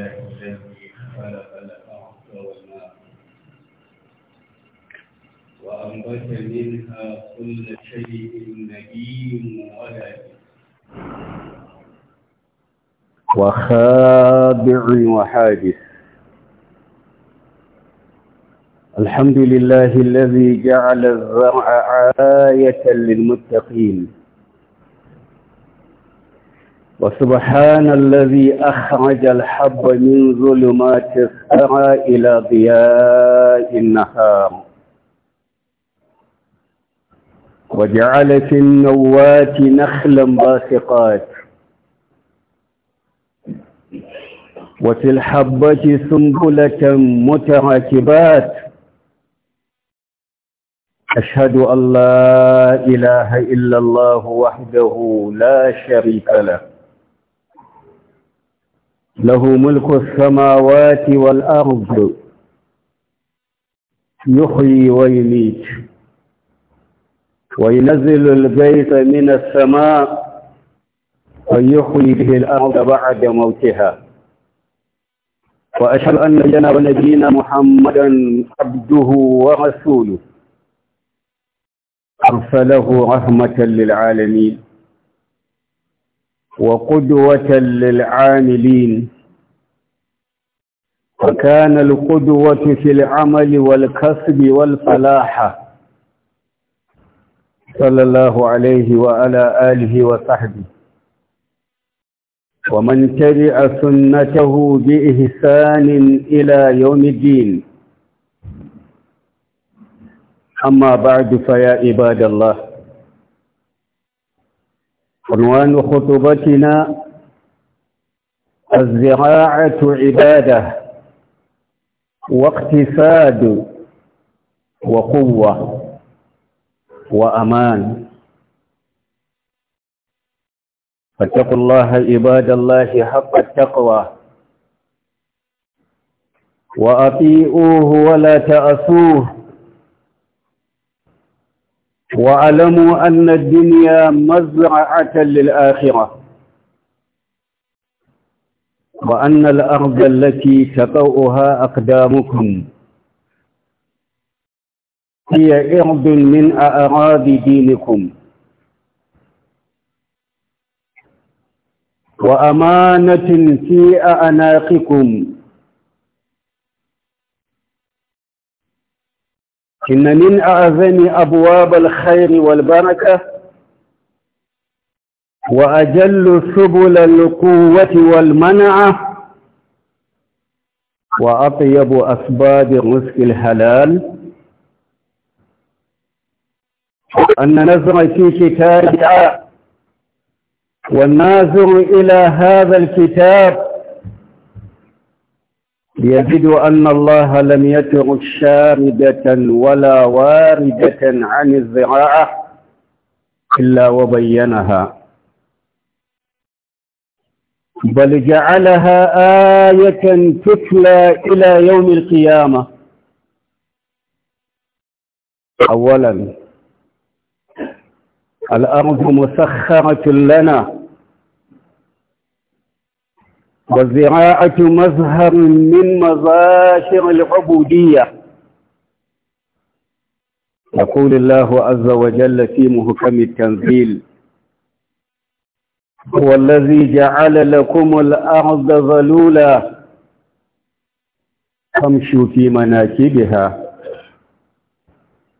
الله الذي خلق الأرض والماء وأنبت منها كل شيء نبي ولد وخادع وحادث الحمد لله الذي جعل الزرع آية للمتقين وسبحان الذي أخرج الحب من ظلمات السرى إلى ضياء النهار وجعل في النوات نخلا باسقات وفي الحبة سنبلة متراكبات أشهد أن لا إله إلا الله وحده لا شريك له له ملك السماوات والأرض يحيي ويميت وينزل البيت من السماء ويحيي به الأرض بعد موتها وأشهد أن نبينا ونبينا محمدا عبده ورسوله أرسله رحمة للعالمين وقدوة للعاملين فكان القدوة في العمل والكسب والفلاحة صلى الله عليه وعلى آله وصحبه ومن تبع سنته بإحسان إلى يوم الدين أما بعد فيا عباد الله عنوان خطبتنا الزراعة عبادة واقتصاد وقوة وأمان فاتقوا الله عباد الله حق التقوى وأطيئوه ولا تأسوه واعلموا أن الدنيا مزرعة للآخرة وأن الأرض التي تطوها أقدامكم هي إرض من اراضي دينكم وأمانة في أعناقكم إن من أعظم أبواب الخير والبركة وأجل سبل القوة والمنعة وأطيب أسباب الرزق الحلال أن نزرع في كتاب والناظر إلى هذا الكتاب ليجد أن الله لم يترك شاردة ولا واردة عن الزراعة إلا وبينها بل جعلها آية تتلى إلى يوم القيامة أولا الأرض مسخرة لنا والزراعة مظهر من مظاهر العبودية يقول الله عز وجل في محكم التنزيل هو الذي جعل لكم الأرض ظلولا فامشوا في مناكبها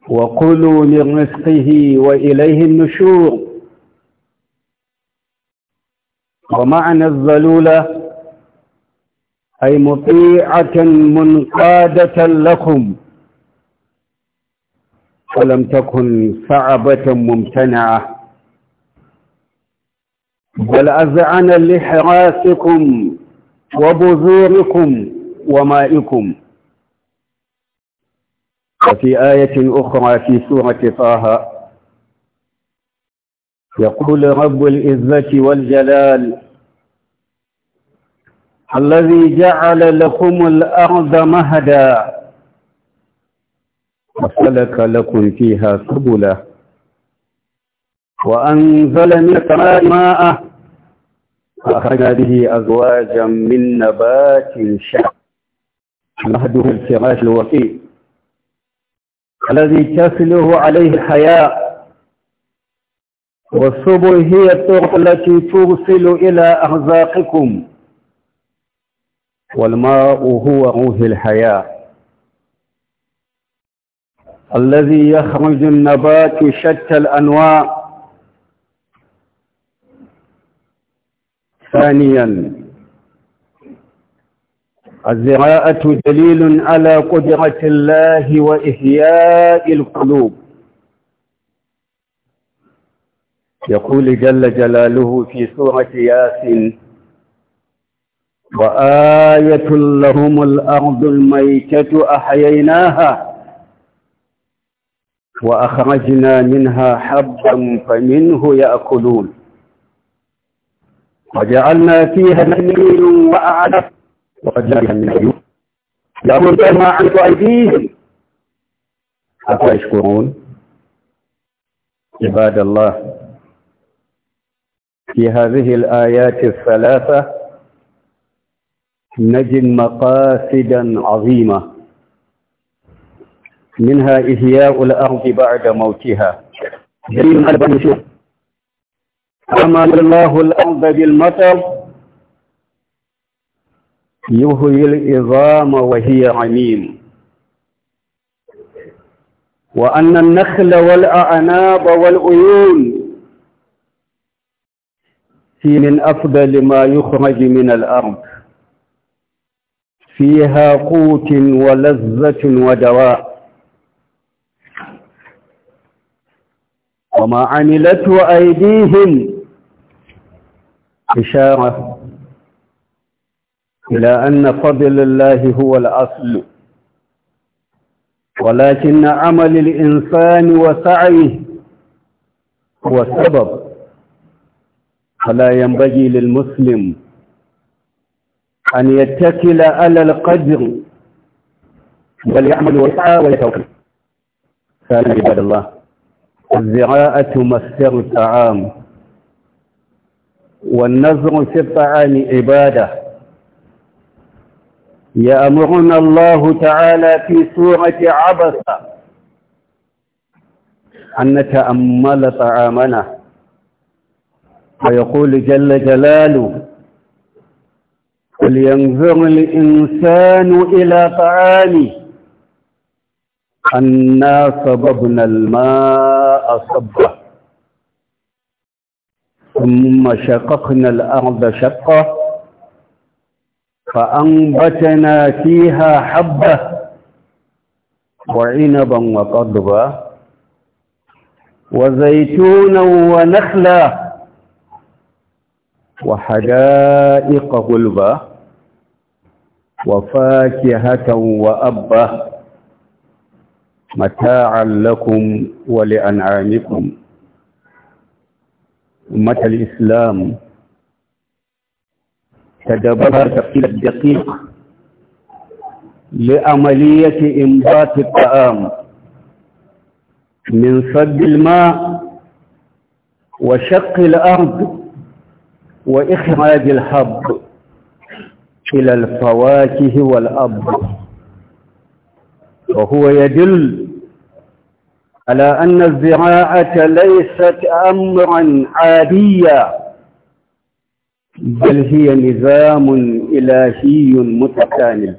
وقلوا من رزقه وإليه النشور ومعنى الظلوله أي مطيعة منقادة لكم ولم تكن صعبة ممتنعة بل أزعن لحراسكم وبذوركم ومائكم وفي آية أخرى في سورة طه يقول رب العزة والجلال الذي جعل لكم الأرض مهدا وسلك لكم فيها سبلا وأنزل من السماء ماء فأخرج به أزواجا من نبات شعر مهده الفراش الوفي الذي تسله عليه الحياء والسبل هي الطرق التي ترسل إلى أرزاقكم والماء هو روح الحياة الذي يخرج النبات شتى الأنواع ثانيا الزراعة دليل على قدرة الله وإحياء القلوب يقول جل جلاله في سورة ياسين وآية لهم الأرض الميتة أحييناها وأخرجنا منها حبا فمنه يأكلون وجعلنا فيها نميل وأعلى وجعلنا من عيون يقول ما عن أيديهم يشكرون عباد الله في هذه الآيات الثلاثة نجد مقاصدا عظيمة منها إحياء الأرض بعد موتها عمل الله الأرض بالمطر يهوي العظام وهي عميم وأن النخل والأعناب والعيون في من أفضل ما يخرج من الأرض فيها قوت ولذة ودواء وما عملته أيديهم إشارة إلى أن فضل الله هو الأصل ولكن عمل الإنسان وسعيه هو السبب فلا ينبغي للمسلم أن يتكل على القدر وليعمل ويسعى ويتوكل فعلا عباد الله الزراعة مسر الطعام والنظر في الطعام عبادة يأمرنا الله تعالى في سورة عبس أن نتأمل طعامنا ويقول جل جلاله ولينظر الإنسان إلى طعامه أنا صببنا الماء صبا ثم شققنا الأرض شقا فأنبتنا فيها حبة وعنبا وقضبا وزيتونا ونخلا وحدائق غلبا وفاكهة وأبا متاعا لكم ولأنعامكم أمة الإسلام تدبر تفصيل الدقيق لعملية إنبات الطعام من صد الماء وشق الأرض وإخراج الحب إلى الفواكه والأب وهو يدل على أن الزراعة ليست أمرا عاديا بل هي نظام إلهي متكامل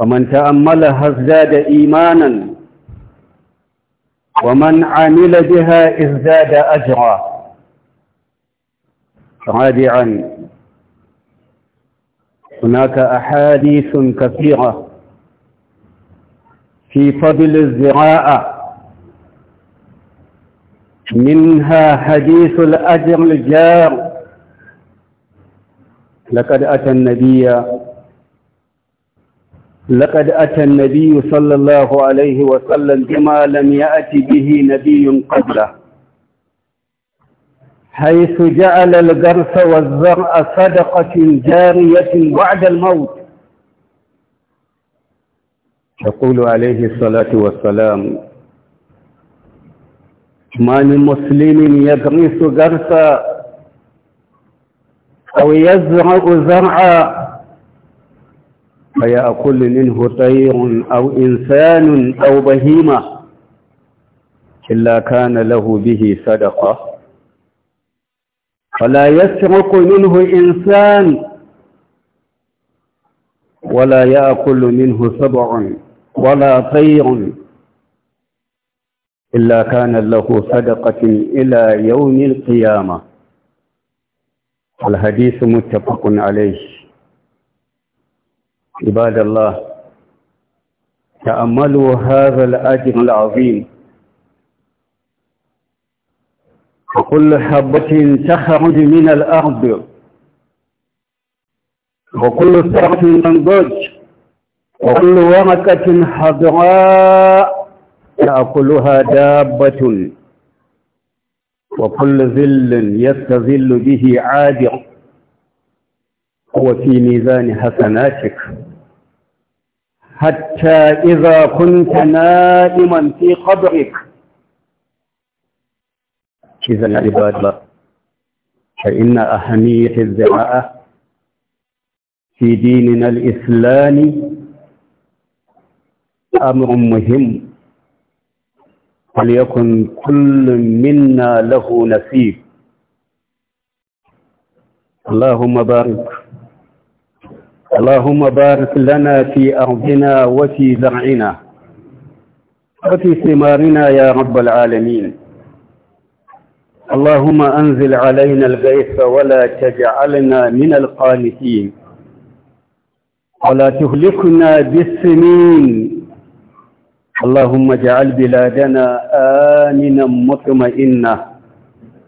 ومن تأملها ازداد إيمانا ومن عمل بها ازداد أجرا رابعا هناك أحاديث كثيرة في فضل الزراعة منها حديث الأجر الجار لقد أتى النبي لقد أتى النبي صلى الله عليه وسلم بما لم يأت به نبي قبله حيث جعل القرص والزرع صدقة جارية بعد الموت يقول عليه الصلاة والسلام ما من مسلم يغرس قرصا أو يزرع زرعا فيأكل منه طير أو إنسان أو بهيمة إلا كان له به صدقة فلا يسرق منه إنسان ولا يأكل منه سبع ولا طير إلا كان له صدقة إلى يوم القيامة الحديث متفق عليه عباد الله تأملوا هذا الأجر العظيم وكل حبة تخرج من الأرض وكل سرة تنضج وكل ورقة حضراء تأكلها دابة وكل ذل يستذل به عادر هو في ميزان حسناتك حتى إذا كنت نائما في قبرك إذا العباد الله فإن أهمية الزراعة في ديننا الإسلامي أمر مهم وليكن كل منا له نصيب اللهم بارك اللهم بارك لنا في أرضنا وفي زرعنا وفي ثمارنا يا رب العالمين اللهم أنزل علينا الغيث ولا تجعلنا من القانتين ولا تهلكنا بالسنين اللهم اجعل بلادنا آمنا مطمئنا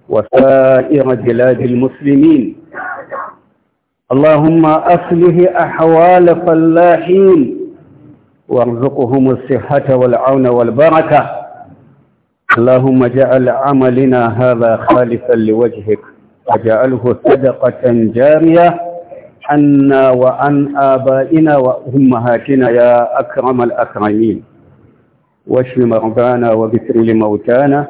وسائر بلاد المسلمين اللهم أصله أحوال فلاحين وارزقهم الصحة والعون والبركة اللهم اجعل عملنا هذا خالصا لوجهك واجعله صدقة جارية عنا وعن آبائنا وأمهاتنا يا أكرم الأكرمين واشف مرضانا وبسر لموتانا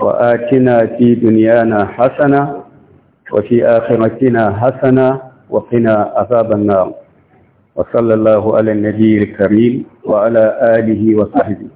وآتنا في دنيانا حسنة وفي آخرتنا حسنة وقنا عذاب النار وصلى الله على النبي الكريم وعلى آله وصحبه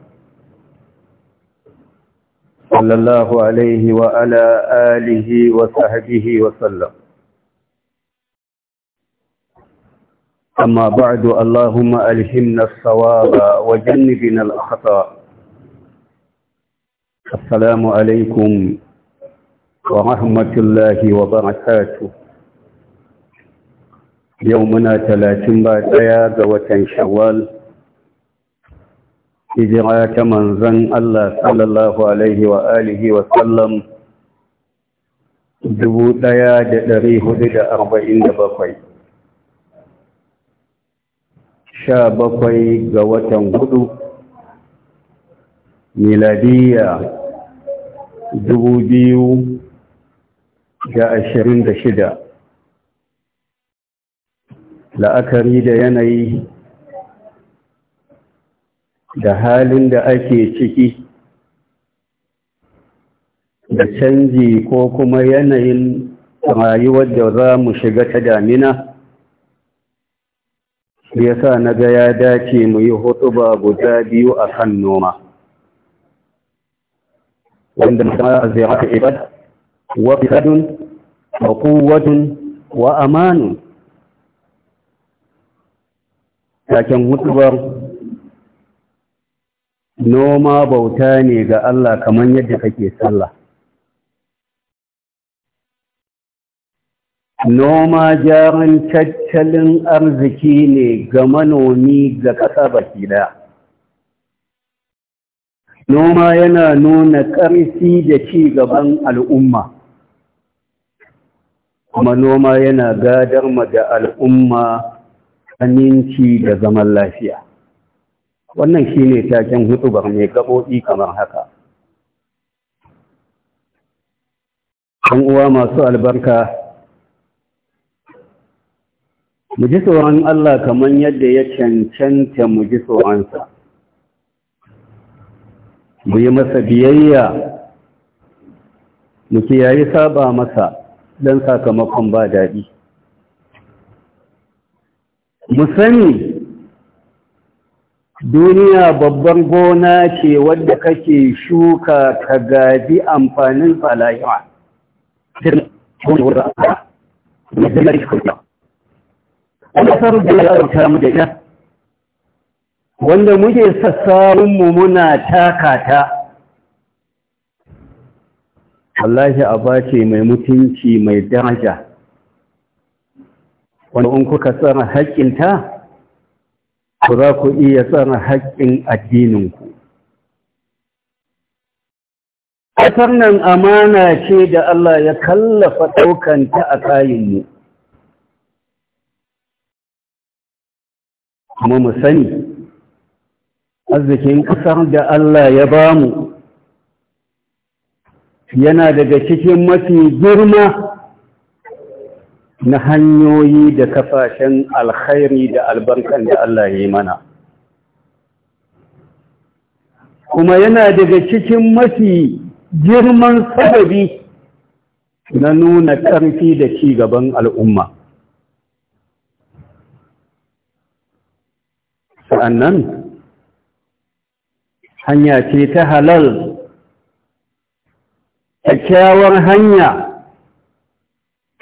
صلى الله عليه وعلى آله وصحبه وسلم أما بعد اللهم ألهمنا الصواب وجنبنا الأخطاء السلام عليكم ورحمة الله وبركاته يومنا ثلاثين بعد يا شوال hijira ta manzan Allah sallallahu Alaihi wa alihi wa sallam bakwai. sha bakwai ga watan hudu miladiya dubu biyu ashirin da shida la'akari da yanayi da halin da ake ciki da canji ko kuma yanayin rayuwar da za mu shiga ta damina ya sa na ga ya dace mu yi ba guda biyu a kan noma wanda mutum a zai haka ibad wa fisadun wa kuwadun wa amanun taken ba noma bauta ne ga Allah kamar yadda kake sallah noma jaran tattalin arziki ne ga manomi ga ƙasa baki ɗaya noma yana nuna ƙarfi da ci gaban al'umma kuma noma yana gadar ma da al'umma aminci da zaman lafiya wannan shi ne taken hutubar mai gaɓoɓi kamar haka Kan uwa masu albarka mu ji tsoron Allah kamar yadda ya cancanta mu ji tsoronsa mu yi masa biyayya mu kiyaye saba masa don sakamakon ba daɗi mu sani duniya babban gona ce wadda kake shuka ka gaji amfanin falayewa wanda muke mu, muna taka takata wallahi aba ce mai mutunci mai daraja wanda in kuka tsara haƙƙinta ku za ku iya tsara haƙƙin addininku. Ƙasar nan amana ce da Allah ya kallafa ɗaukanta a kayanmu. Kuma mu sani, arzikin ƙasar da Allah ya ba mu yana daga cikin mafi girma na hanyoyi da kafashen alkhairi da albarkan da Allah ya yi mana kuma yana daga cikin mafi girman sababi na nuna ƙarfi da ci gaban al'umma sa'annan hanya ce ta halal kyakkyawar hanya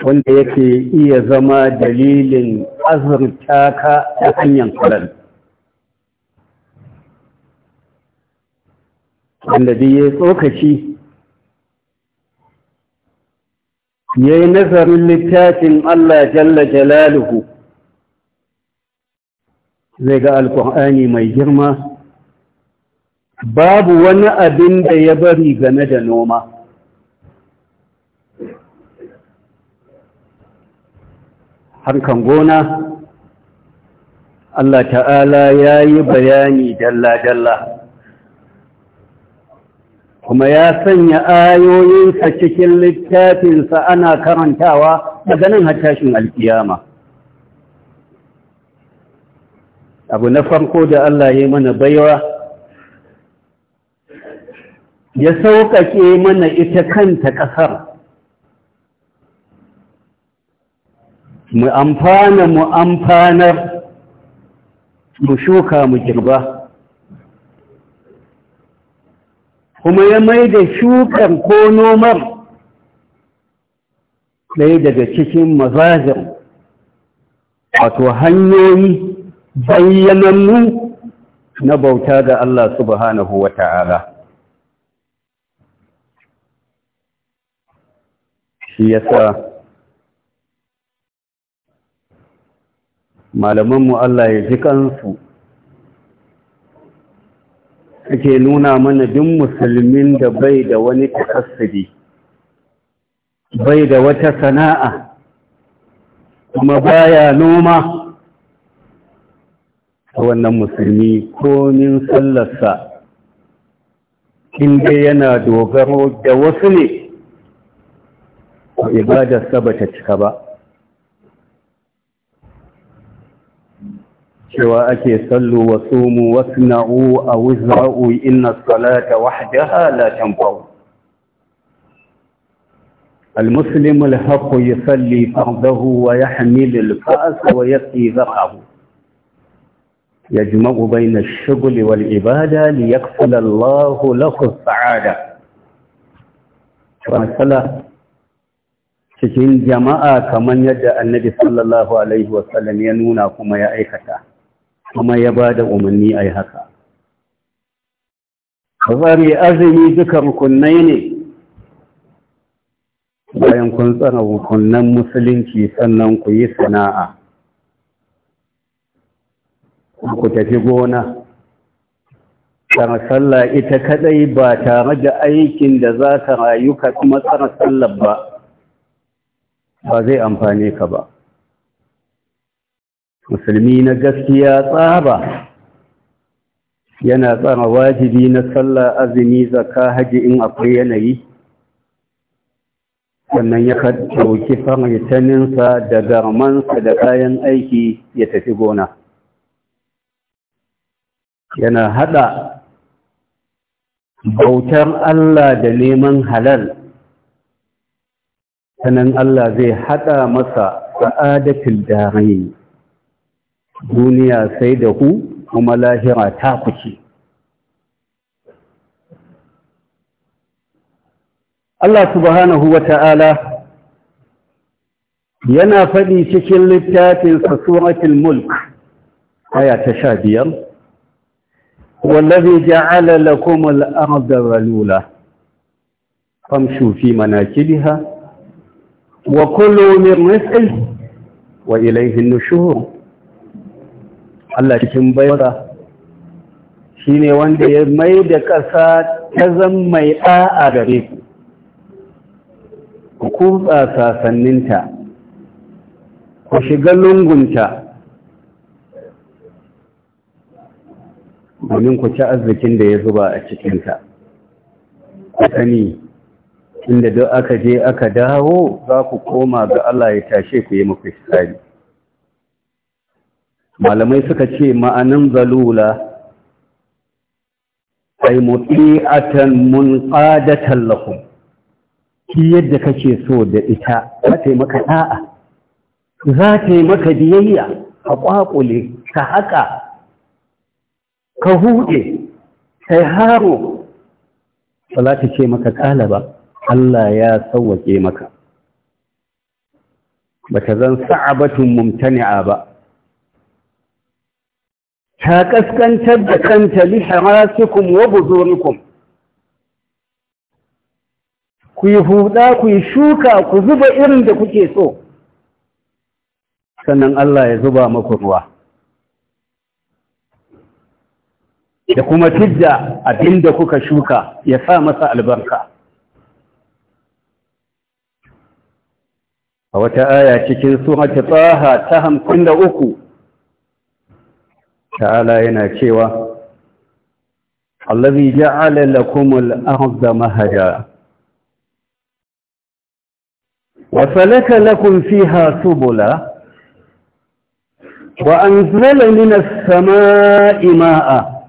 wanda yake iya zama dalilin azurta ka ta hanyar halal wanda dai ya tsokaci ya yi nazarin littafin Allah jalla jalaluhu zai ga alkur'ani mai girma babu wani abin da ya bari game da noma harkan gona Allah ta'ala ya yi bayani dalla-dalla kuma ya sanya ayoyinsa cikin littafinsa ana karantawa daga nan hattashin alkiyama abu na farko da Allah ya mana baiwa ya sauƙaƙe mana ita kanta ƙasar mu amfana mu amfanar mu shuka mu girba kuma ya mai da shukar ko nomar ɗaya daga cikin mazajin wato hanyoyi bayyanannu na bauta ga Allah subhanahu wa ta'ala shi yasa malamanmu Allah ya ji kansu ake nuna mana duk musulmin da bai da wani takassudi bai da wata sana'a kuma baya noma wannan musulmi ko komin sallarsa inda yana dogaro da wasu ne ibadarsa ba ta cika ba سوى أكي صلوا وصوموا واصنعوا أو ازرعوا إن الصلاة وحدها لا تنفع المسلم الحق يصلي فرضه ويحمل الفأس ويقي ذقه يجمع بين الشغل والعبادة ليكفل الله له السعادة فصلى تجين جماعة كمن يدى النبي صلى الله عليه وسلم ينونا كما يأيكتا kuma ya ba da umarni a yi haka kazari azumi duka rukunai ne bayan kun tsara rukunan musulunci sannan ku yi sana'a ku tafi gona tsara sallah ita kadai ba tare da aikin da za ka rayu ka kuma tsara sallah ba ba zai amfane ka ba musulmi na gaskiya tsaba yana tsara wajibi na sallah azumi zakka haji in akwai yanayi sannan ya ɗauki faritaninsa da garmansa da kayan aiki ya tafi gona yana haɗa bautar Allah da neman halal sannan Allah zai haɗa masa sa'adatul darain duniya sai da ku kuma lahira ta kuce Allah subhanahu wa ta'ala yana faɗi cikin littafin suratul mulk aya ta sha biyar wallazi ja'ala lakum al-ardha zalula famshu fi manakibiha wa kulu min rizqihi wa ilayhi an-nushur Allah cikin shi ne wanda ya mai da ƙasa ta zan mai ɗa'a gare ku ku kutsa sasanninta ku shiga lungunta domin ku ci arzikin da ya zuba a cikinta ku sani inda duk aka je aka dawo za ku koma ga Allah ya tashe ku yi muku shari'a. malamai suka ce ma'anin zalula ai muti'atan munqadatan lakum ki yadda kake so da ita za ta yi maka za ta yi maka biyayya ka kwakule ka haƙa ka huɗe sai haro ba ta ce maka ƙala ba Allah ya sauwaƙe maka ba ta zan sa'abatun mumtani'a ba ta kaskantar da kanta li harasikum wa buzurukum ku yi huda ku yi shuka ku zuba irin da kuke so sannan Allah ya zuba maku ruwa da kuma Tijja abinda kuka shuka ya sa masa albarka a wata aya cikin suratul taha ta uku. ta'ala yana cewa allazi ja'ala lakumul arda mahaja wa salaka lakum fiha subula wa anzala minas samaa'i ma'a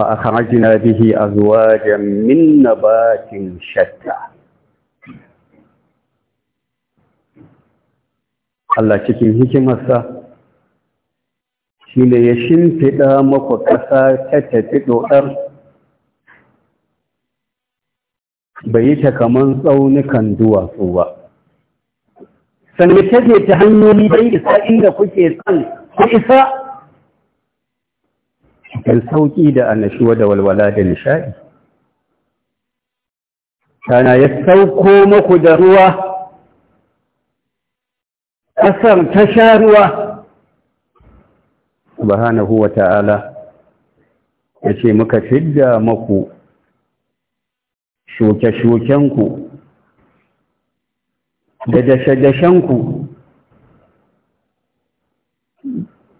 fa akhrajna bihi azwajan min nabatin shatta Allah cikin hikimarsa shi ne ya shimfiɗa maku ƙasa ta tafi ɗoɗar bai yi ta kaman tsaunukan duwatsu ba sannan ce ta hanyoyi dai isa inda kuke son ku isa cikin sauƙi da annashuwa da walwala da nishaɗi tana ya sauko maku da ruwa ƙasar ta sha ruwa subhanahu wa ta'ala ya ce muka fidda maku shuke-shukenku da dashe-dashenku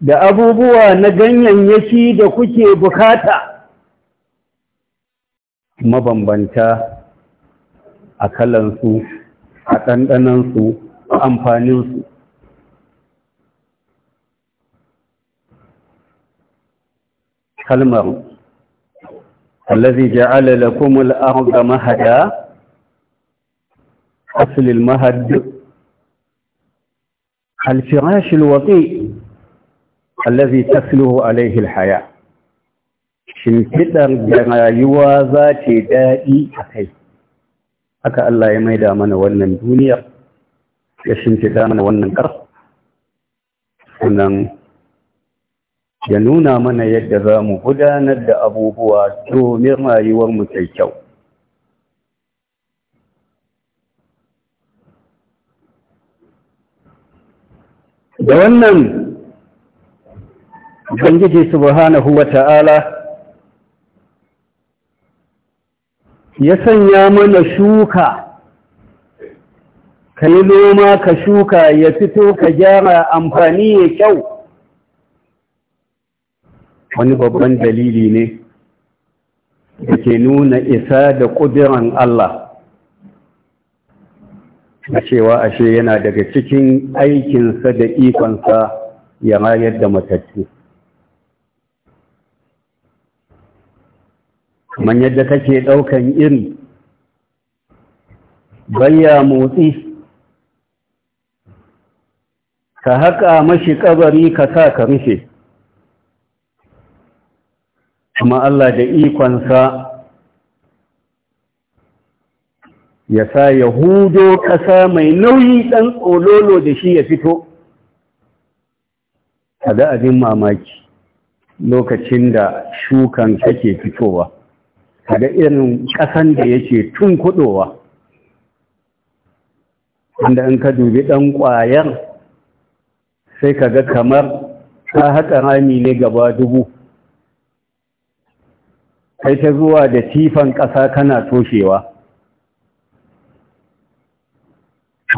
da abubuwa na ganyayyaki da kuke bukata mabambanta a kalansu a ɗanɗanansu a amfaninsu kalmar allazi ja'ala lakum al-ardha mahada asl al-mahad al-firash al-waqi allazi tasluhu alayhi al-haya Shin da rayuwa za ce daɗi a kai haka Allah ya maida mana wannan duniyar ya shimfida mana wannan ƙarfi sannan ya nuna mana yadda za mu gudanar da abubuwa domin rayuwarmu kai kyau da wannan ubangiji subhanahu wa ta'ala ya sanya mana shuka ka yi noma ka shuka ya fito ka gyara amfani ya kyau wani babban dalili ne da nuna isa da ƙudiran Allah na cewa ashe yana daga cikin aikinsa da ikonsa ya rayar da matattu kamar yadda take ɗaukan iri bayya motsi ka haƙa mashi ƙabari ka sa ka rufe kuma Allah da ikonsa ya sa ya hudo ƙasa mai nauyi ɗan ƙololo da shi ya fito kada abin mamaki lokacin da shukan take fitowa kaga irin ƙasan da yake tun kuɗowa. inda in ka dubi ɗan ƙwayar sai kaga kamar ta haƙa rami ne gaba dubu kai ta zuwa da tifan ƙasa kana toshewa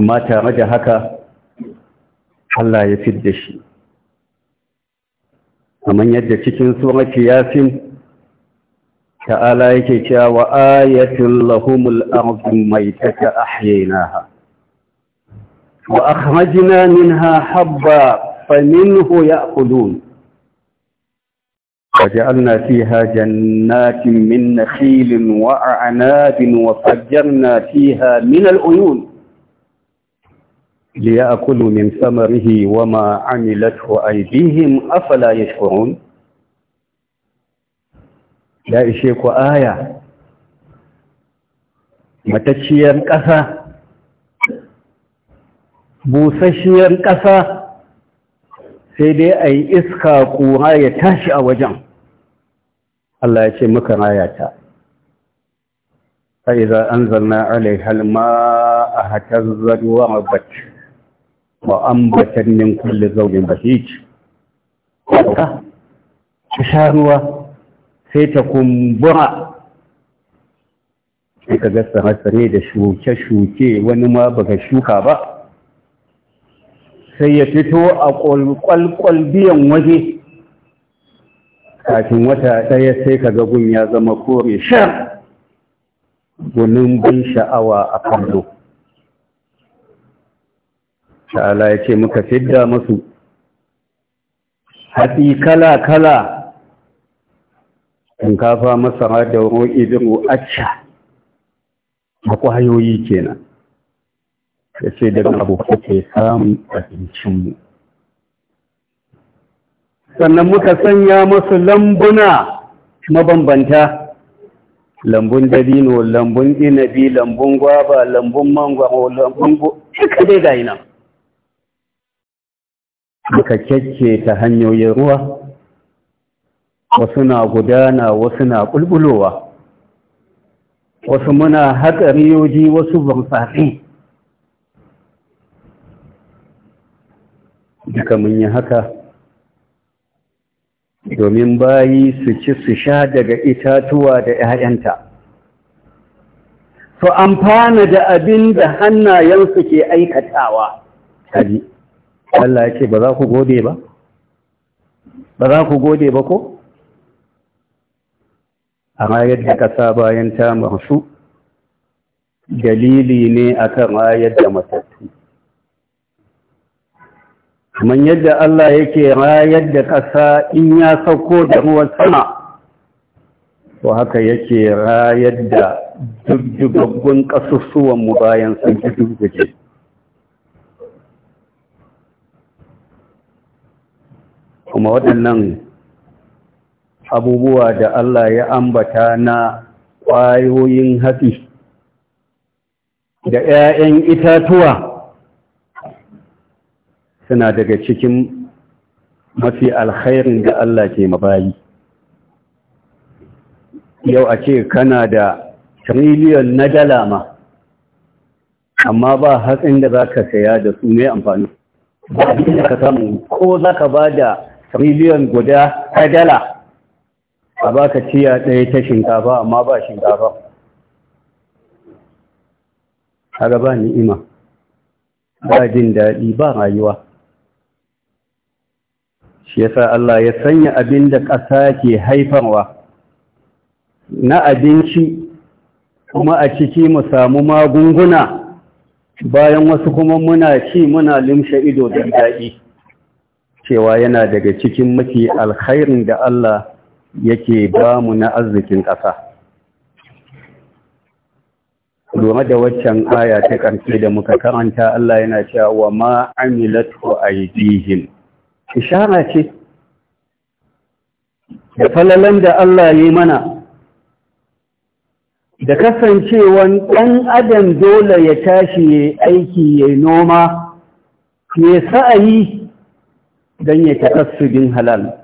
amma tare da haka Allah ya fid da shi kamar yadda cikin surati yasin ta'ala yake cewa wa ayatin lahumul ardu maitata ahyaynaha wa akhrajina minha habba faminhu ya'kulun وجعلنا فيها جنات من نخيل وأعناب وفجرنا فيها من العيون ليأكلوا من ثمره وما عملته أيديهم أفلا يشكرون لا إشيك آية matacciyar ƙasa busasshiyar ƙasa sai dai a yi iska ƙura ya Allah ya ce muka rayata sai za an zanna alai halma a hatar zaruwa mabacci ba an batar nin kulle zaunin basici sha ruwa sai ta kumbura sai ka ga tsare da shuke-shuke wani ma baka shuka ba sai ya fito a kwalkwal biyan waje kafin wata ɗaya sai ka ga gun ya zama kore shan gunin bin sha'awa a kallo sha'ala ya ce muka fidda masu haɗi kala-kala shinkafa masara da roƙi biro acca a kwayoyi kenan ya ce daga abu kuke samun abincinmu sannan muka sanya masu lambuna mabambanta lambun dabino lambun inabi lambun gwaba lambun mangwaro lambun duka dai ga ina muka kyakke ta hanyoyin ruwa wasu na gudana wasu na bulbulowa wasu muna haƙa riyoji wasu bamfafi duka mun yi haka domin bayi su ci su sha daga itatuwa da ‘ya'yanta. Su amfana da abin da hannayensu ke aikatawa, kaji, Allah ya ce ba za ku gode ba? Ba za ku gode ba ko? Amma yadda ƙasa bayan ta masu, dalili ne akan ayar da matattu. kamar yadda Allah yake rayar da ƙasa in ya sauko da ruwan sama to haka yake rayar da dubdubaggun ƙasusuwanmu bayan sun ji dubduje kuma waɗannan abubuwa da Allah ya ambata na ƙwayoyin hatsi da ‘ya'yan itatuwa’ suna daga cikin mafi alkhairin da Allah ke mabayi yau a ce kana da triliyon na dala ma amma ba hatsin da za ka saya da su mai amfani ka samu ko za ka ba da triliyon guda ta dala a ba ka ciya ɗaya ta shinkafa amma ba shinkafa a gaba ni'ima ba jin daɗi ba rayuwa shi yasa Allah ya sanya abin da ƙasa ke haifarwa na abinci kuma a ciki mu samu magunguna bayan wasu kuma muna ci muna limshe ido da daɗi cewa yana daga cikin mafi alkhairin da Allah yake ba mu na arzikin ƙasa Lura da waccan aya ta ƙarfi da muka karanta Allah yana cewa ma yi jihin. ishara ce da falalan da Allah ya mana da kasancewan ɗan adam dole ya tashi ya aiki ya noma ya sa'ayi don ya taɓa halal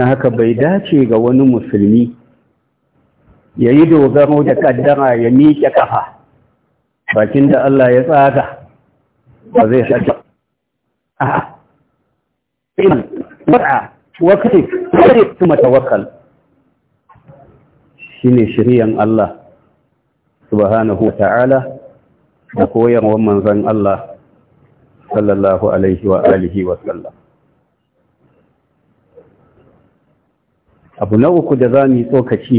na haka bai dace ga wani musulmi ya yi dogaro da ƙaddara ya miƙe ƙafa bakin da Allah ya tsaga ba zai haɗa a ilm wad'a wa kai kare kuma tawakkal shine shiriyan Allah subhanahu wa ta'ala da koyarwar manzon Allah sallallahu alaihi wa alihi wa sallam abu na uku da za mu yi tsokaci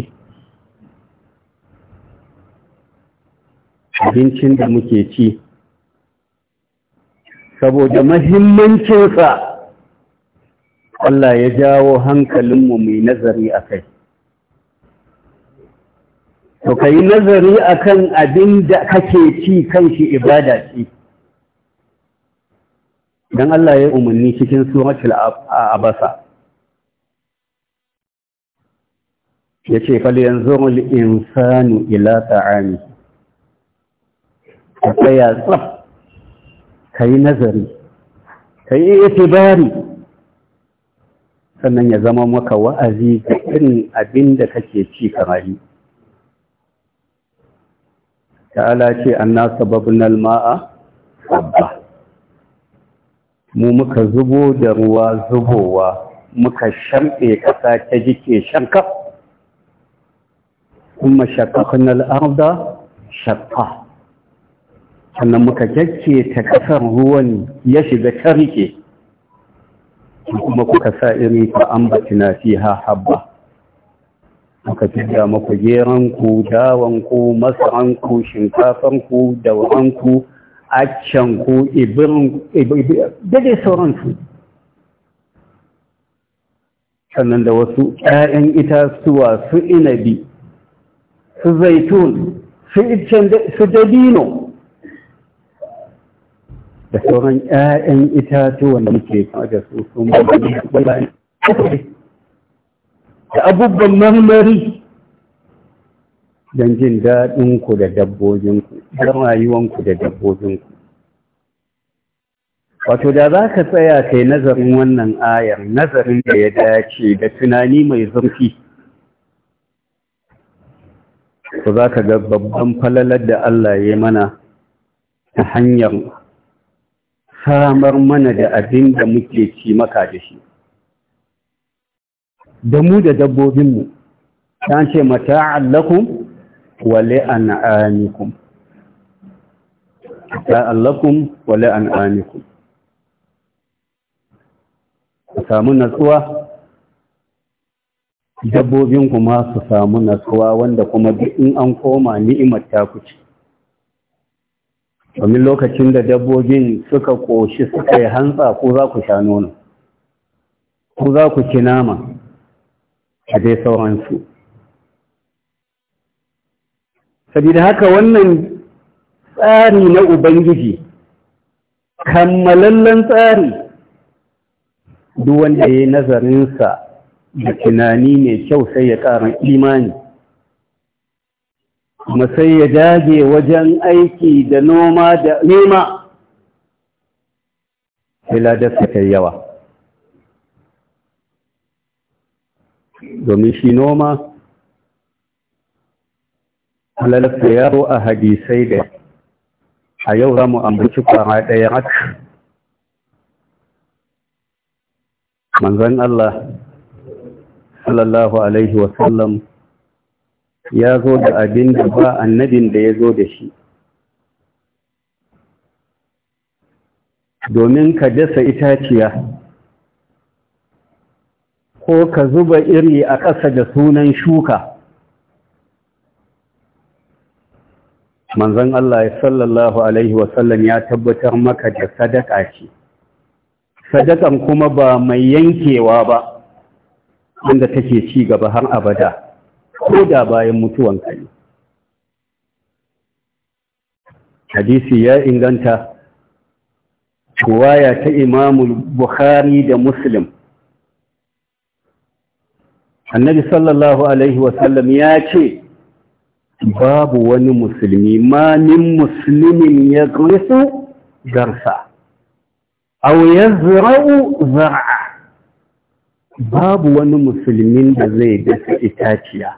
abincin da muke ci saboda mahimmancinsa Allah ya jawo hankalinmu mai nazari a kai to ka yi nazari a kan abin da kake ci shi ibada ce don Allah ya umarni cikin a abasa ya ce fali yanzu insanu ila ta'ami ta tsaya tsaf ka yi nazari ka yi itibari sannan ya zama maka wa'azi ga irin abin da kake ci kamari ta'ala ce anna sababin alma'a sabba mu muka zubo da ruwa zubowa muka shamɓe ƙasa ta jike shankaf kuma shakakun al'arda shakka sannan muka kyakke ta kasar ruwan ya shiga ta rike kuma kuka sa irin iri na fi ha habba muka fidda muku geranku dawanku masaranku shinkafanku dawanku accanku ibirin dade sauransu sannan da wasu ƴaƴan itatuwa su inabi su zaitun su dabino da sauran 'ya'yan itatuwan da muke kama da su sun da abubuwan marmari don jin daɗinku da dabbobinku don rayuwanku da dabbobinku wato da za ka tsaya kai nazarin wannan ayar nazarin da ya dace da tunani mai zurfi ku za ka ga babban falalar da Allah ya mana ta hanyar samar mana da abin da muke ci maka da shi da mu da dabbobinmu ta ce mata lakum wale an amikum mata'an lakum wale an amikum samu natsuwa dabbobinku ma su samu natsuwa wanda kuma duk in an koma ni'imar ta ci. domin lokacin da dabbobin suka ƙoshi suka yi hantsa ko za ku sha nono ko za ku ci nama a dai sauransu sabida haka wannan tsari na ubangiji kammalallen tsari duk wanda ya yi nazarinsa da tunani mai kyau sai ya ƙara imani kuma sai ya dage wajen aiki da noma da nema filadarsa ta yawa domin shi noma halalasta yaro a hadisai da a yau za mu ambaci kwara ɗaya haka manzan Allah sallallahu Alaihi wasallam ya zo da abin da ba annabin da ya zo da shi domin ka dasa itaciya ko ka zuba iri a ƙasa da sunan shuka manzon Allah sallallahu alaihi wasallam ya tabbatar maka da sadaka ce sadakan kuma ba mai yankewa ba wanda take ci gaba har abada ko da bayan mutuwan kai hadisi ya inganta ruwaya ta imamul bukhari da muslim annabi sallallahu alaihi wasallam ya ce babu wani musulmi ma min muslimin ya grisu garsa aw yazra'u zar'a babu wani musulmin da zai dasa itaciya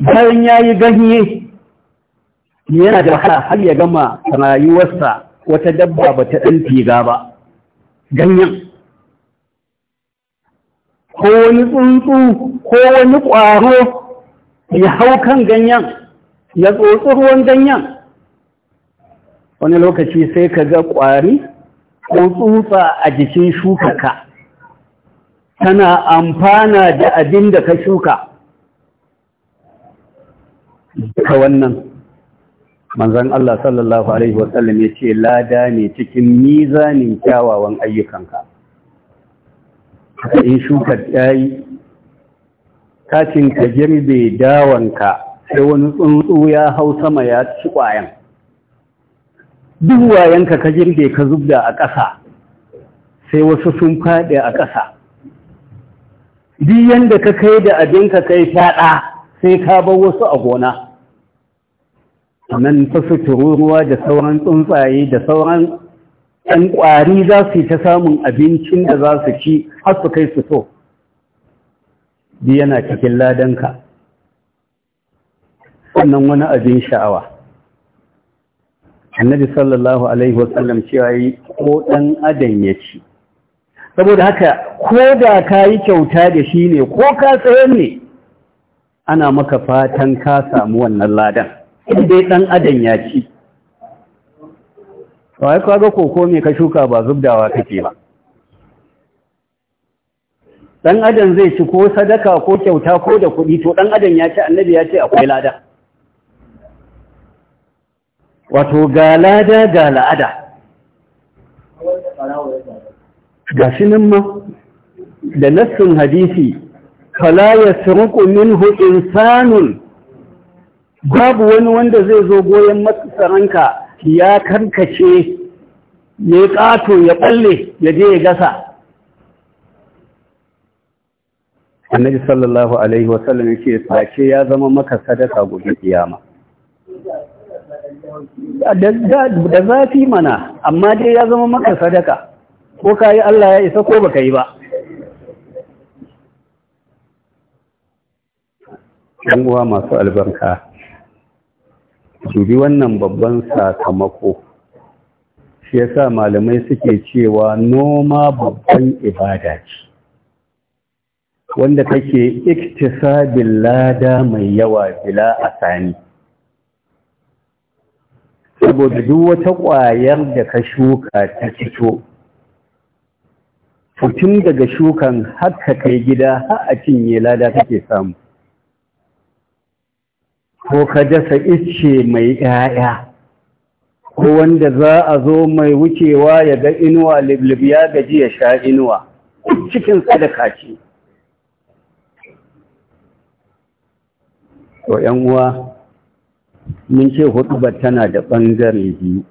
bayan ya yi ganye yana da wahala har ya gama rayuwarsa wata dabba ba ta ɗan figa ba ganyen ko wani tsuntsu ko wani ƙwaro ya hau kan ganyen ya tsotsi ruwan ganyen wani lokaci sai ka ga ƙwari ko tsutsa a jikin shuka ka. tana amfana da abin da ka shuka duka wannan manzan Allah sallallahu Alaihi wasallam ya ce lada ne cikin mizanin kyawawan ayyukanka. In shuka yayi, kacin ka girbe dawanka sai wani tsuntsu ya hau sama ya ci ƙwayan. Duk wayanka ka girbe ka zubda a ƙasa, sai wasu sun faɗi a ƙasa. Duk yanda ka kai da abinka kai fyaɗa. sai ka bar wasu a gona nan ta tururuwa da sauran tsuntsaye da sauran ɗan ƙwari za su yi ta samun abincin da za su ci har su kai su so bi yana cikin ladanka sannan wani abin sha'awa annabi sallallahu alaihi wasallam cewa yi ko ɗan adam ya ci saboda haka ko da ka yi kyauta da shi ne ko ka tsaye ne ana maka fatan ka samu wannan ladan dai ɗan adam ya ci wai kaga koko me ka shuka ba zubdawa kake ba ɗan adam zai ci ko sadaka ko kyauta ko da kuɗi to ɗan adam ya ci annabi ya ce akwai lada wato ga lada ga la'ada ga shi nan ma da nassun hadisi fala yasruqu minhu insanun babu wani wanda zai zo goyen matsaranka ya karkace ya kato ya balle ya je ya gasa annabi sallallahu alaihi wasallam yake sace ya zama maka sadaka gobe kiyama da zafi mana amma dai ya zama maka sadaka ko ka yi Allah ya isa ko baka yi ba yan uwa masu albarka dubi wannan babban sakamako shi yasa malamai suke cewa noma babban ibada ce wanda take iktisabin lada mai yawa bila a Sani. saboda duk wata ƙwayar da ka shuka ta fito fitin daga shukan haka kai gida har a cinye lada take samu ko ka dasa icce mai ‘ya'ya ko wanda za a zo mai wucewa ya ga inuwa liblib ya gaji ya sha inuwa cikin sadaka ce to uwa mun ce hudubar tana da ɓangare biyu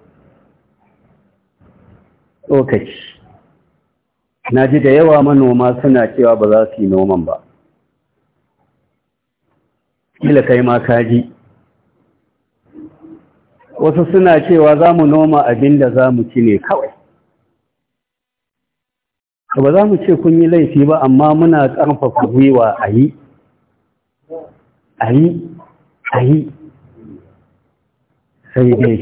tsokaci na ji da yawa manoma suna cewa ba za su yi noman ba kila kai ma kaji wasu suna cewa za mu noma abin da za mu ci ne kawai ba za mu ce kun yi laifi ba amma muna ƙarfafa gwiwa a yi a yi a yi sai dai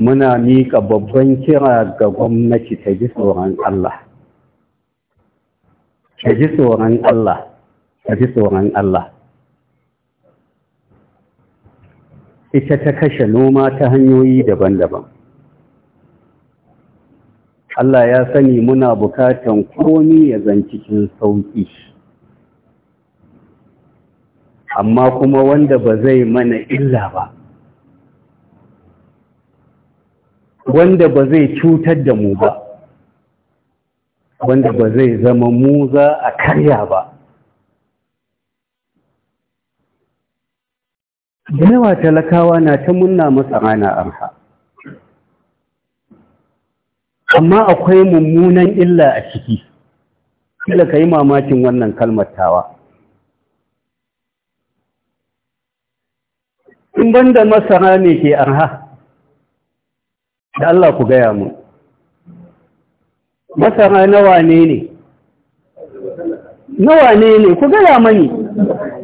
muna miƙa babban kira ga gwamnati ta ji tsoron Allah ta ji tsoron Allah ta ji tsoron Allah ita ta kashe noma ta hanyoyi daban-daban Allah ya sani muna bukatan komi ya zan cikin sauƙi amma kuma wanda ba zai mana illa ba wanda ba zai cutar da mu ba wanda ba zai zama mu za a karya ba da yawa talakawa na ta munna masa ana arha amma akwai mummunan illa a ciki kila ka yi mamakin wannan kalmatawa in banda masara ne ke arha da Allah ku gaya mu masara nawa ne ne nawa ne ne ku gaya mani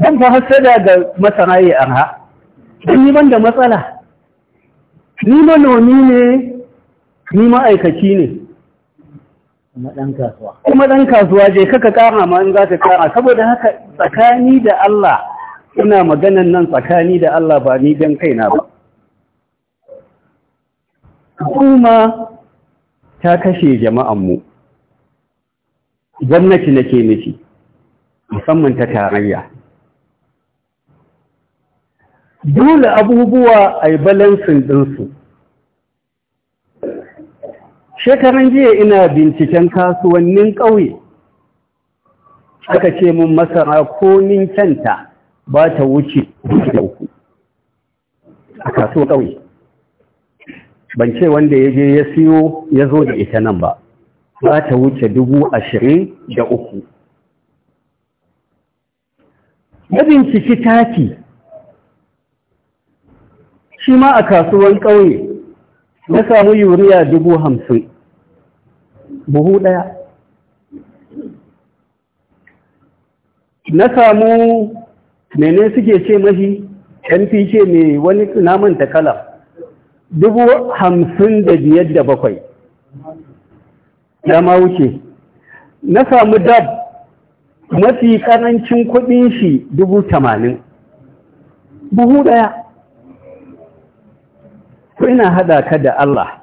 don fa hasada ga masara ya arha don yi ban da matsala ni manomi ne ni ma'aikaci ne kuma ɗan kasuwa je kaka kara ma in za ta kara saboda haka tsakani da Allah ina maganan nan tsakani da Allah ba ni don kaina ba Kuma ta kashe jama'anmu gwamnati nake nufi musamman ta tarayya dole abubuwa a yi balansin ɗinsu shekaran jiya ina binciken kasuwannin ƙauye aka ce mun masara ko ninkanta ba ta wuce uku. a kasuwa ƙauye ban ce wanda ya je ya siyo ya zo da ita nan ba ba ta wuce dubu ashirin da uku ya binciki taki shi ma a kasuwan ƙauye na samu yuriya dubu hamsin buhu ɗaya na samu mene suke ce mashi ce mai wani ta takala dubu hamsin da biyar da bakwai ya ma wuce na samu dab mafi ƙarancin kuɗin shi dubu tamanin buhu ɗaya ko ina hada ka da Allah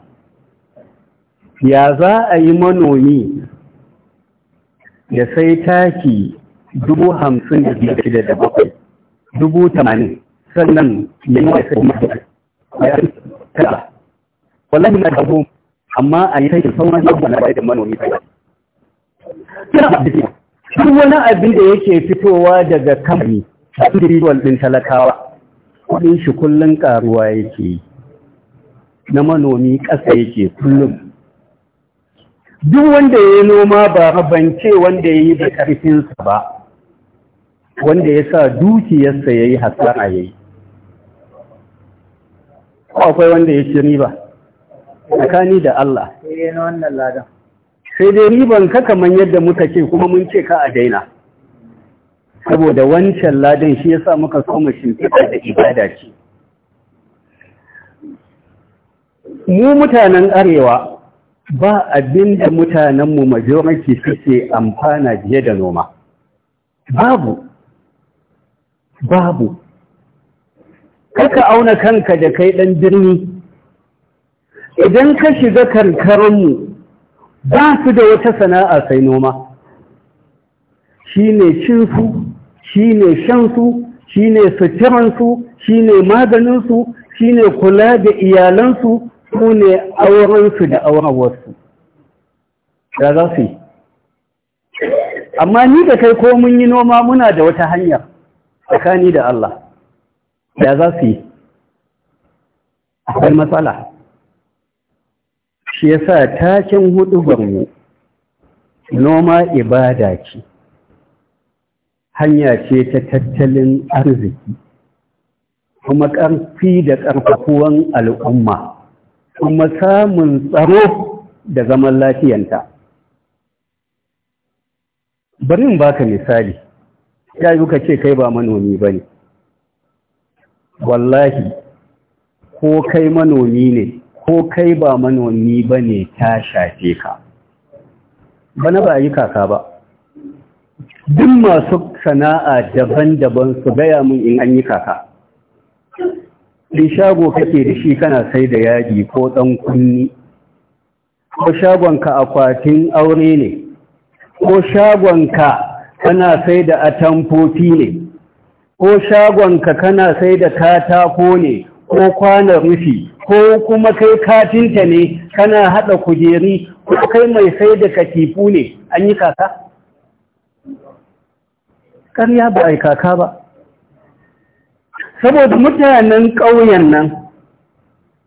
ya za a yi manomi ya sai taki dubu hamsin da da shida da bakwai dubu tamanin sannan ya yi wasu kuma ya yi amma a yi taiki sauran abubuwa na da manomi ta yi kira duk wani abin da yake fitowa daga kamfani a cikin talakawa kudin shi kullum karuwa yake yi na manomi ƙasa yake kullum duk wanda ya yi noma ba rabance wanda ya yi da ƙarfinsa ba wanda ya sa dukiyarsa ya yi hasara ya yi akwai wanda ya ci riba tsakani da Allah eh, sai dai riban ka kamar yadda muka ce kuma mun ce ka a daina saboda wancan ladan shi ya sa muka so mu da ibada ce mu mutanen arewa ba abin da mutanenmu majority suke amfana biye da noma babu babu kaka auna kanka da kai ɗan birni idan ka shiga karkarunmu ba su da wata sana'a sai noma shi ne cinsu shi ne shansu shi ne suturansu shi ne maganinsu shi ne kula da iyalansu su ne aurensu da auren wasu da za su yi amma ni da kai ko mun yi noma muna da wata hanya tsakani da Allah da za su yi akwai matsala shi ya sa takin hudu mu noma ibada ce hanya ce ta tattalin arziki kuma ƙarfi da ƙarfafuwan al'umma kuma samun tsaro da zaman lafiyanta bari in baka misali ya yi ce kai ba manomi ba ne wallahi ko kai manomi ne ko kai ba manomi ba ne ta shafe ka bana ba yi kaka ba duk masu sana'a daban-daban su gaya mun in an yi kaka in shago kake da shi kana sai da yaji ko ɗan kunni ko shagonka akwatin aure ne ko shagonka kana sai da atamfofi ne ko shagonka kana sai da katako ne ko kwanar rufi ko kuma kai katinta ne kana haɗa kujeri ko kai mai sai da katifu ne an yi kaka? ƙarya ba a yi kaka ba saboda mutanen ƙauyen nan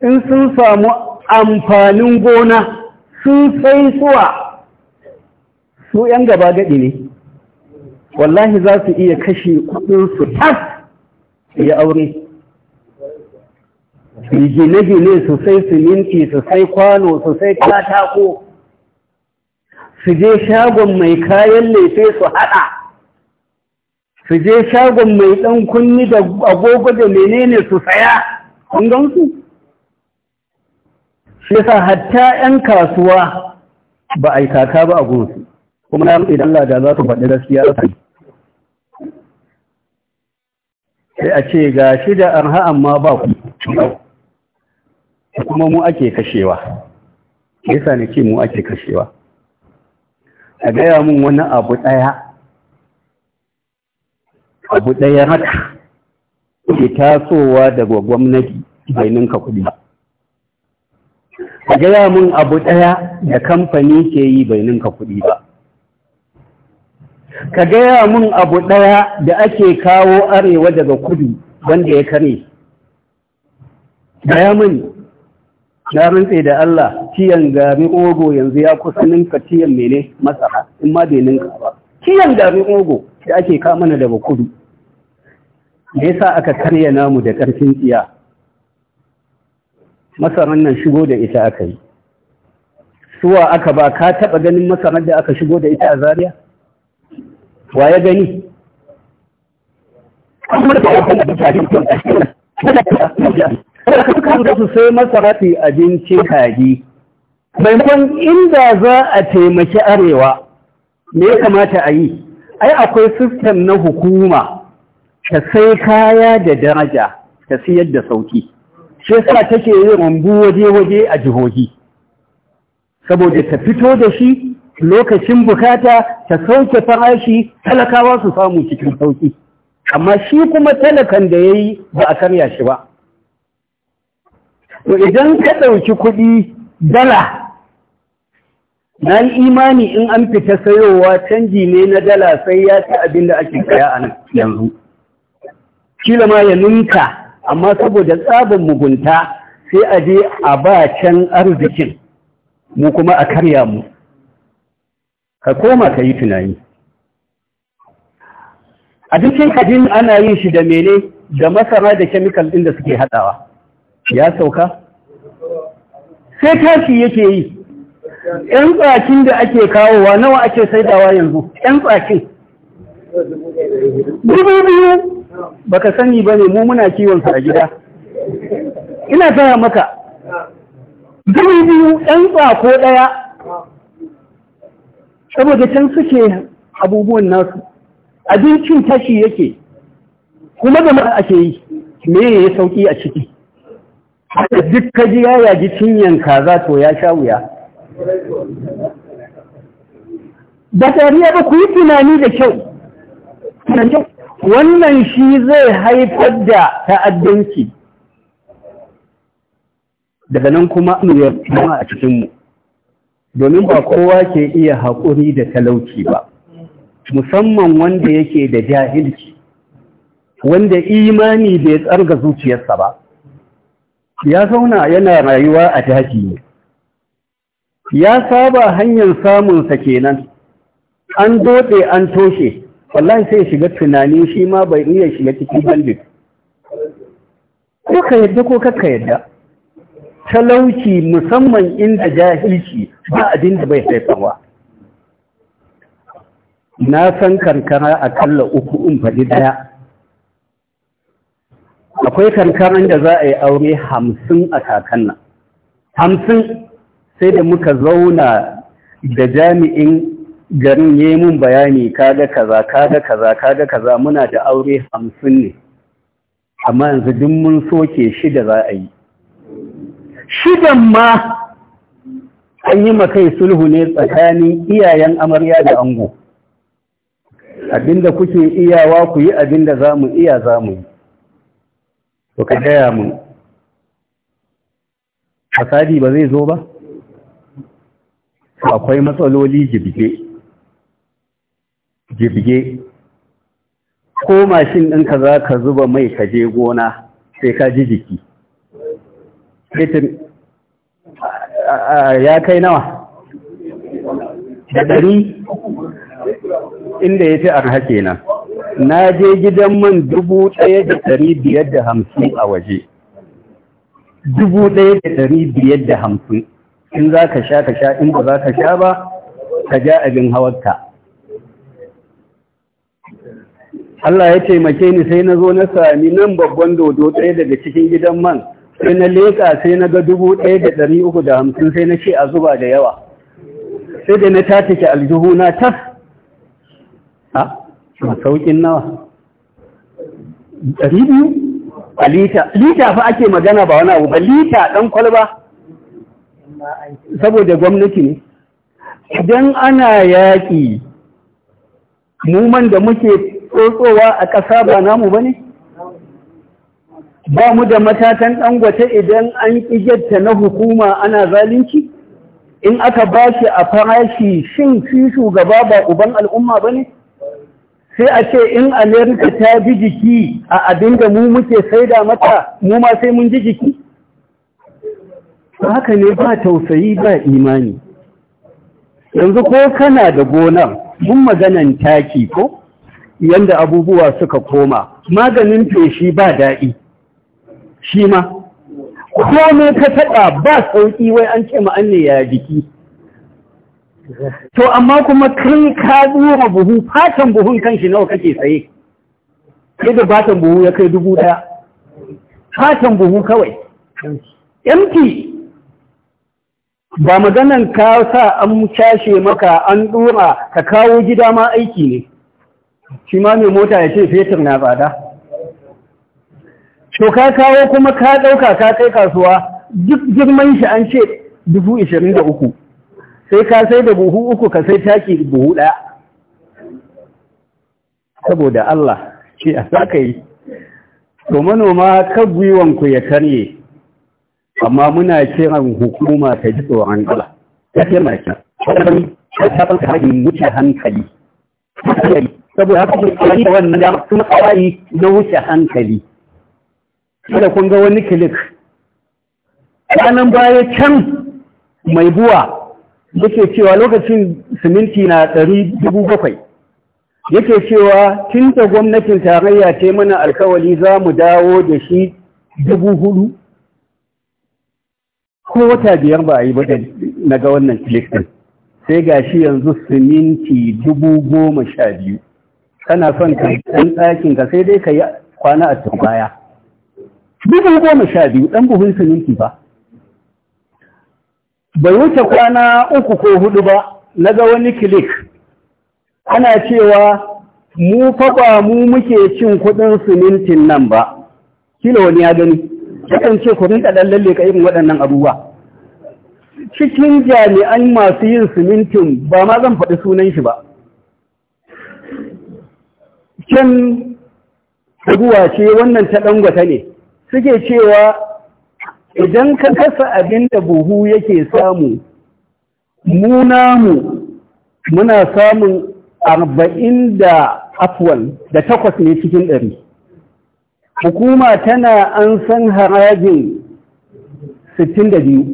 in sun samu amfanin gona sun sai suwa su ‘yan gaba gaɗi ne wallahi za su iya kashe kudinsu tas ya aure gine-gine su sai siminti su sai kwano su sai katako su je shagon mai kayan laife su haɗa su je shagon mai ɗan kunni da agogo da menene su saya kun gansu shi yasa hatta 'yan kasuwa ba a yi kaka ba a gunsu kuma na yi Allah da za su faɗi gaskiya a sai sai a ce ga shi da arha amma ba ku kuma mu ake kashewa yasa ne ce mu ake kashewa a gaya mun wani abu ɗaya abu ɗaya haka ke tasowa daga gwamnati bai ninka kuɗi ba a gaya mun abu ɗaya da kamfani ke yi bai ninka kuɗi ba ka gaya mun abu ɗaya da ake kawo arewa daga kudu wanda ya kare gaya mun na rantse da Allah ciyan gami ogo yanzu ya kusa ninka ciyan mene masara in ma bai ninka ba ciyan gami ogo da ake kamana daga kudu me sa aka karya namu da ƙarfin tsiya masarar nan shigo da ita aka yi suwa aka ba ka taɓa ganin masarar da aka shigo da ita a Zariya? wa ya gani da su sai masara fi abincin kaji maimakon inda za a taimaki arewa me ya kamata a yi ai akwai sistem na hukuma ka sai kaya da daraja ka siyar da sauki shi yasa take yi rumbu waje-waje a jihohi saboda ta fito da shi lokacin bukata ta sauke farashi talakawa su samu cikin sauki amma shi kuma talakan da ya yi ba a karya shi ba to idan ka ɗauki kuɗi dala na yi imani in an fita sayowa canji ne na dala sai ya ci abin da ake kaya a nan yanzu kila ma ya ninka amma saboda tsabin mugunta sai a je a ba can arzikin mu kuma a karya mu ka koma ka yi tunani a cikin hadin ana yin shi da mene da masara da kemikal ɗin da suke haɗawa ya sauka sai tashi yake yi ‘yan tsakin da ake kawowa nawa ake saidawa yanzu ‘yan tsakin dubu baka sani ba ne mu muna kiwon sa a gida ina saya maka dubu biyu ɗan tsako ɗaya saboda can suke abubuwan nasu abincin tashi yake kuma da ake yi me ya sauki a ciki haka duk yaya ya yaji cinyan kaza to ya sha wuya ba tariya ba ku yi tunani da kyau wannan shi zai haifar da ta'addanci daga nan kuma ya kuma a cikinmu domin ba kowa ke iya haƙuri da talauci ba musamman wanda yake da jahilci wanda imani bai tsarga zuciyarsa ba ya zauna yana rayuwa a daji ya saba hanyar samunsa kenan an dote an toshe wallahi sai ya shiga tunani shi ma bai iya shiga cikin bandit ko ka yadda ko ka yadda talauci musamman inda jahilci ba abin da bai haifawa na san karkara kalla uku in faɗi daya akwai karkaran da za a yi aure hamsin a kakan hamsin sai da muka zauna da jami'in garin ya mun bayani kaga kaza kaga kaza kaga kaza muna da aure hamsin ne amma yanzu duk mun soke shida za a yi shidan ma an yi makai sulhu ne tsakanin iyayen amarya da ango abinda kuke iyawa ku yi abinda za mu iya za mu yi to ka gaya mu fasadi ba zai zo ba akwai matsaloli jibge jirge ko mashin ɗinka za ka zuba mai ka je gona sai ka ji jiki ya kai nawa da ɗari inda ya ce arha kenan na je gidan man dubu ɗaya da ɗari biyar da hamsin a waje dubu ɗaya da ɗari biyar da hamsin in za ka sha ka sha in ba za ka sha ba ka ja abin hawarta Allah ya taimake ni sai na zo na sami nan babban dodo ɗaya daga cikin gidan man sai na leƙa sai na ga dubu ɗaya da ɗari uku da hamsin sai na ce a zuba da yawa sai da na tatake aljihu na tas a masaukin nawa ɗari biyu a lita lita fa ake magana ba wani abu ba lita ɗan kwalba saboda gwamnati ne idan ana yaƙi muman da muke tsotsowa a ƙasa ba namu ba ne? Ba mu da matatan ɗangwata idan an ƙigyarta na hukuma ana zalunci? In aka ba shi a farashi shin fi shugaba ba uban al'umma ba ne? Sai a ce in Amerika ta bi jiki a abin da mu muke saida mata mu ma sai mun ji jiki? Haka ne ba tausayi ba imani. Yanzu ko kana da gonar, mun maganan taki ko? yanda abubuwa suka koma maganin feshi ba daɗi shi ma kome ka taɓa ba sauƙi wai an ce ma'anni ya jiki to amma kuma kai ka zuwa buhu fatan buhun kanshi nawa kake tsaye? sai da fatan buhu ya kai dubu ɗaya fatan buhu kawai yanki ba maganan ka sa an cashe maka an ɗora ka kawo gida ma aiki ne shi ma mai mota ya ce fetur na tsada to ka kawo kuma ka ɗauka ka kai kasuwa duk girman shi an ce dubu ishirin da uku sai ka sai da buhu uku ka sai taki buhu ɗaya saboda Allah ce a za ka yi to manoma kan gwiwanku ya karye amma muna kiran hukuma ta ji tsoron Allah ta taimaki ta taɓa haɗin wuce hankali ta saboda haka kuma kawai da wannan da kuma kawai na wuce hankali kada kun ga wani kilik ranan baya can mai buwa yake cewa lokacin siminti na ɗari dubu bakwai yake cewa tun da gwamnatin tarayya ta mana alkawali za mu dawo da shi dubu hudu ko wata biyar ba a yi ba na ga wannan kilik ɗin, sai ga shi yanzu siminti dubu goma sha biyu kana son ka ɗan ɗakin ka sai dai ka yi kwana a can baya dubu goma sha biyu ɗan buhun siminti ba bai wuce kwana uku ko hudu ba na ga wani kilik ana cewa mu faɓa mu muke cin kuɗin simintin nan ba kila wani ya gani yakan ce ku rinka ɗan lalle ka irin waɗannan abubuwa cikin jami'an masu yin simintin ba ma zan faɗi sunan shi ba can ruwa ce wannan ta dangwata ne suke cewa idan ka kasa abin da buhu yake samu mu muna samun arba'in da afwan da takwas ne cikin ɗari hukuma tana an san harajin 62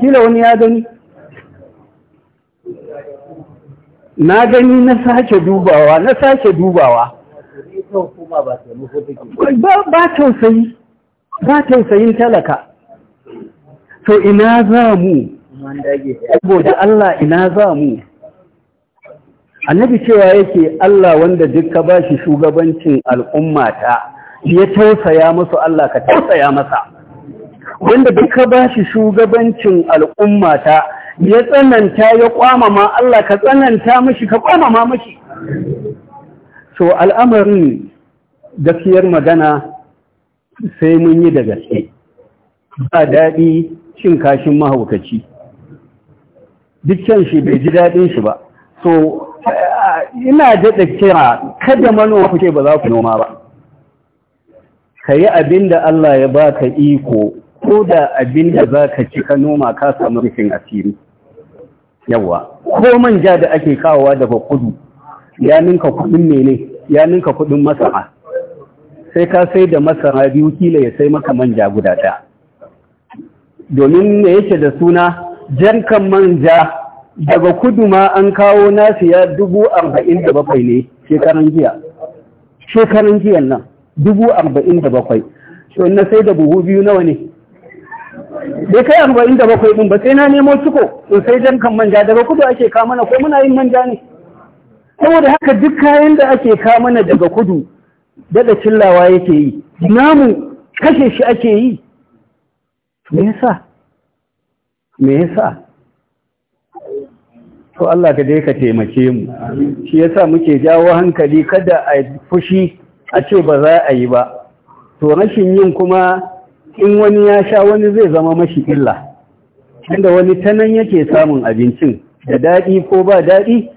kila wani ya gani na gani na sake dubawa na sake dubawa ba tausayi ba tausayin talaka So ina za mu saboda Allah ina za mu annabi cewa yake Allah wanda duka ba bashi shugabancin al'ummata ya tausaya musu Allah ka tausaya masa wanda duka ba bashi shugabancin al'ummata ya tsananta ya kwamama Allah ka tsananta mashi ka kwamama mashi so al'amarin gaskiyar magana sai mun yi da gaske ba daɗi cin kashin mahaukaci dukkan shi bai ji daɗin shi ba so ina daɗa kira kada manoma kuke ba za ku noma ba ka yi abin da Allah ya ka iko ko da abin da za ka ci ka noma ka samu rufin asiri yawa ko manja da ake kawowa daga kudu ya ninka kudin mene ya ninka kudin masara sai ka sai da masara biyu kila ya sai maka manja guda ɗaya domin me yake da suna jankan manja daga kudu ma an kawo ya dubu arba'in da bakwai ne shekaran jiya shekaran jiyan nan dubu arba'in da bakwai to na sai da buhu biyu nawa ne bai kai arba'in da bakwai ɗin ba sai na nemo ciko in sai jan kan manja daga kudu ake ka mana ko muna yin manja ne saboda haka duk kayan da ake ka mana daga kudu daga cillawa yake yi namu kashe shi ake yi me yasa me yasa to Allah ka dai ka taimake mu shi yasa muke jawo hankali kada a fushi a ce ba za a yi ba to rashin yin kuma in wani ya sha wani zai zama mashi illa inda wani tanan yake samun abincin da daɗi ko ba daɗi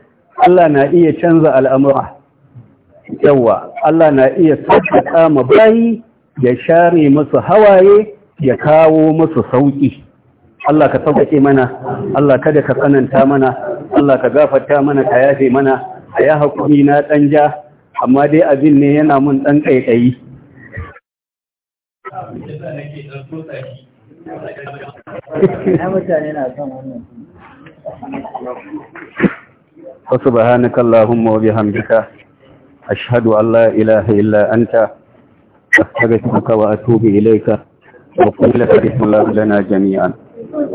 Allah na iya canza al'amura yawa Allah na iya sauƙaƙa ma bayi ya share masu hawaye ya kawo masu sauƙi Allah ka sauƙaƙe mana Allah kada ka tsananta mana Allah ka gafata mana ka yafe mana a ya haƙuri na ɗan amma dai abin ne yana mun ɗan ƙaiƙayi وسبحانك اللهم وبحمدك أشهد أن لا إله إلا أنت أستغفرك وأتوب إليك وقل لك بسم الله لنا جميعا